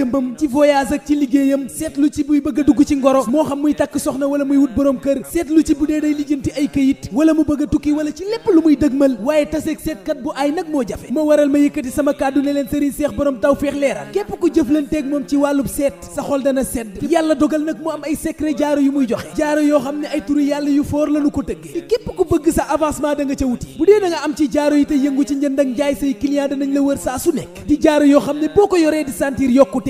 jëmbam ci voyage ak ci liggéeyam seetlu ci buy bëgg dugg ci ngoro moo xam muy takk soxna wala muy wut borom kër seetlu ci bu dee day lijjanti ay këyit wala mu bëgg tukki wala ci lépp lu muy dëgmal waaye taseeg seetkat bu ay nag moo jafe ma waral ma yëkkati sama kàddu ne leen sëriñ seex borom taw feex leeral képp ku jëflanteeg moom ci wàllub seet sa xol dana sedd yàlla dogal nag mu am ay secret jaaro yu muy joxe jaaro yoo xam ne ay turu yàlla yu foor lanu ko tëggee képp ku bëgg sa avancement da nga wuti bu dee am ci jaaro yi te yëngu ci njënd ak njaay say client danañ la wër saa su nekk jaaro yoo xam ne boo ko yoree di sentir yokkute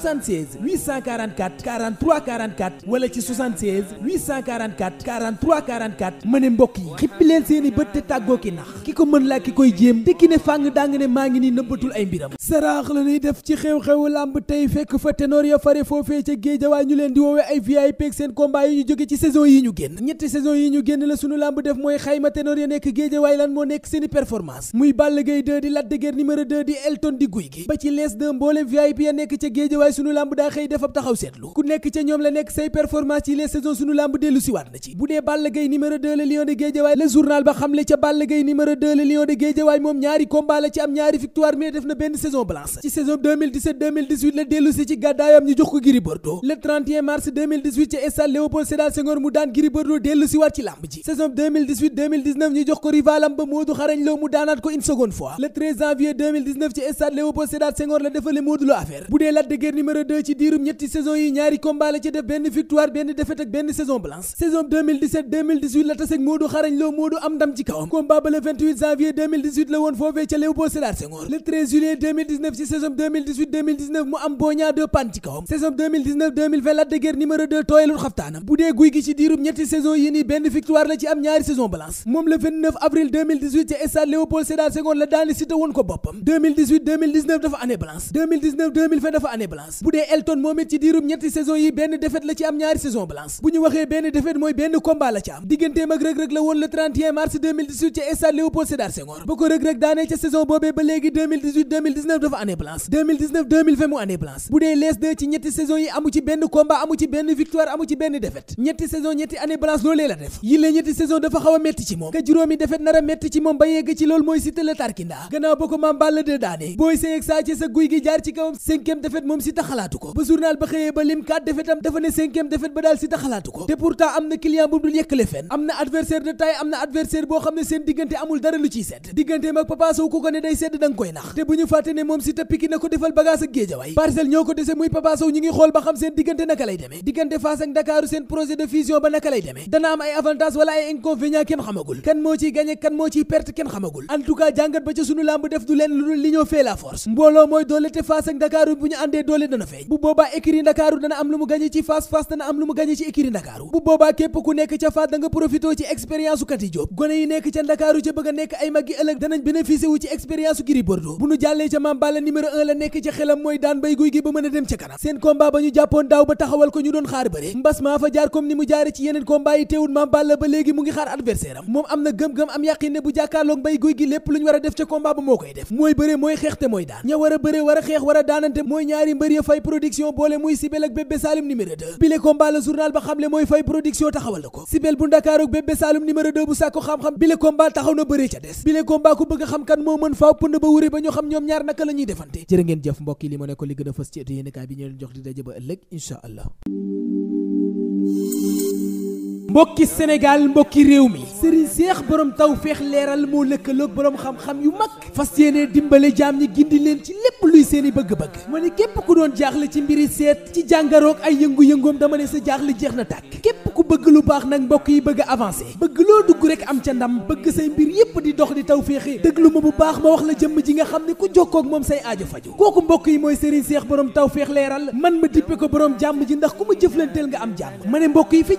76 844 43 44 wala ci 76 844 43 44 ma ne mbokk yi xippi leen seen i bët te tàggoo ki nax ko mën laa ki koy jéem te ki ne fàng dang ne maa ngi ni nëbbatul ay mbiram saraax la ñuy def ci xew-xewu làmb tey fekk fa ténor ya fare foofee ca géejawaay ñu leen di woowee ay VIP ak seen combat yi ñu jóge ci saison yi ñu génn ñetti saison yi ñu génn la sunu làmb def mooy xayma ténor ya nekk géejawaay lan moo nekk seeni performance muy Balla Gaye 2 di Lac de Guiers numéro di Elton di Gouye ba ci lees de VIP ya nekk ca géejawaay sunu làmb daa xëy le lion de Guédiawaye moom ñaari combat la ci am ñaari victoire mais def na benn saison blanche ci la dellu ci gàddaayam ñu jox ko Gris Bordeaux mars 2018 ci Léopold Sédar Senghor mu daan Gris Bordeaux dellu si waat ci lamb ji saison 2018 2019 ñu jox ko rivalam ba Modou Xarañ Lo mu daanaat ko une seconde fois le janvier 2019 ci Léopold Sédar Senghor la defale Modou Lo affaire bu dee Lac de Guiers numéro 2 ci diirum ñetti saison yi 18 janvier la woon foofee ca Léopold Sédar Senghor le 13 juillet 2019 ci mu am Boña 2 pan ci kawam saison 2019 de tooyalul xaftaanam bu dee guy ci diirub ñetti saison yi nii benn victoire la ci am ñaari saison balance moom le 29 avril ca stade Léopold Sédar Senghor la daani Siteu woon ko boppam dafa année balance dafa année balance bu dee Elton moom it ci diirub ñetti saison yi benn défaite la ci am ñaari saison balance bu ñu waxee benn défaite Léopold ko rëg-rëg daanee ca saison boobee ba léegi 2018 2019 dafa année blanche mu année blanche bu dee lees ci ñetti saison yi amu ci benn combat amu ci benn victoire amu ci benn défaite ñetti saison ñetti année blanche loolee la def yi la ñetti saison dafa xaw metti ci moom ka juróomi défaite nar metti ci moom ba yegg ci loolu mooy Siteu la tarkindaa gannaaw ba ko Mame Balla de daanee booy sëy ak saa sa guy gi jaar ci kawam cinquième défaite moom dara dana am ay avantage wala ay inconvénient kenn xamagul kan moo ciy gagné kan moo ciy perte kenn xamagul en jàngat ba ca sunu làmb def du leen lu li ñoo fee force mbooloo mooy doole te Fass ak Dakaaru bu ñu àndee doole dana feeñ bu boobaa écurie Ndakaaru dana am lu mu gagné ci Fass Fass dana am lu mu gagné ci écurie Ndakaaru bu boobaa képp ku nekk ca Fass da nga ci expérience u gone yi nekk ca Ndakaaru ca bëgg nekk ay mag yi ëllëg danañ bénéficier wu ci expérience Gris Bordeaux bu nu jàllee ca Mame Balla numéro 1 la nekk ci xelam mooy daan bay guy gi ba mën a dem ca kanam seen combat ba ñu jàppoon daaw ba taxawal ko ñu doon xaar bëre mbas maa fa jaar comme ni mu jaare ci yeneen combat yi teewul Mame Balla ba léegi mu ngi xaar adversaire am moom am na gëm-gëm am yàqin ne bu jàkkaarloog bay guy gi lépp lu ñu a def ca combat ba moo koy def mooy bëre mooy xeex a a xeex war a daanante mooy ñaari mbër ya fay production boole muy Sibel ak Bébé Saloum numéro 2 bile combat la journal ba ko Sibel bu Ndakaaru ak Bébé Saloum numéro 2 bu sàkko xam-xam bile combat taxaw na bëre ca des bile combat bëgg a moo mën faaw pënd ba wuri ba ñu xam ñoom ñaar naka la defante jërë ngeen jëf mbokk yi li ne ko li gën fës ci étu yéenekaay bi ñu jox di daje ba ëllëg incha allah mbokki Sénégal mbokki réew mi sëriñ seex borom tawféex leeral moo lëkkaloog borom xam-xam yu mag fas yéene dimbale jaam ñi gindi leen ci lépp luy seeni bëgg-bëgg ma ne képp ku doon jaaxle ci mbiri seet ci jàngaroog ay yëngu-yëngoom dama ne sa jaaxle jeex na tàkk képp ku bëgg lu baax nag mbokk yi bëgg a bëgg loo dugg rek am ca ndam bëgg say mbir yépp di dox di tawféexe déglu ma bu baax ma wax la jëmm ji nga xam ne ku jokkoo ak moom say aajo faju kooku mbokk yi mooy sëriñ seex borom tawféex leeral man ma dippe ko borom jàmm ji ndax ku ma jëflanteel am jàmm ma ne mbokk yi fi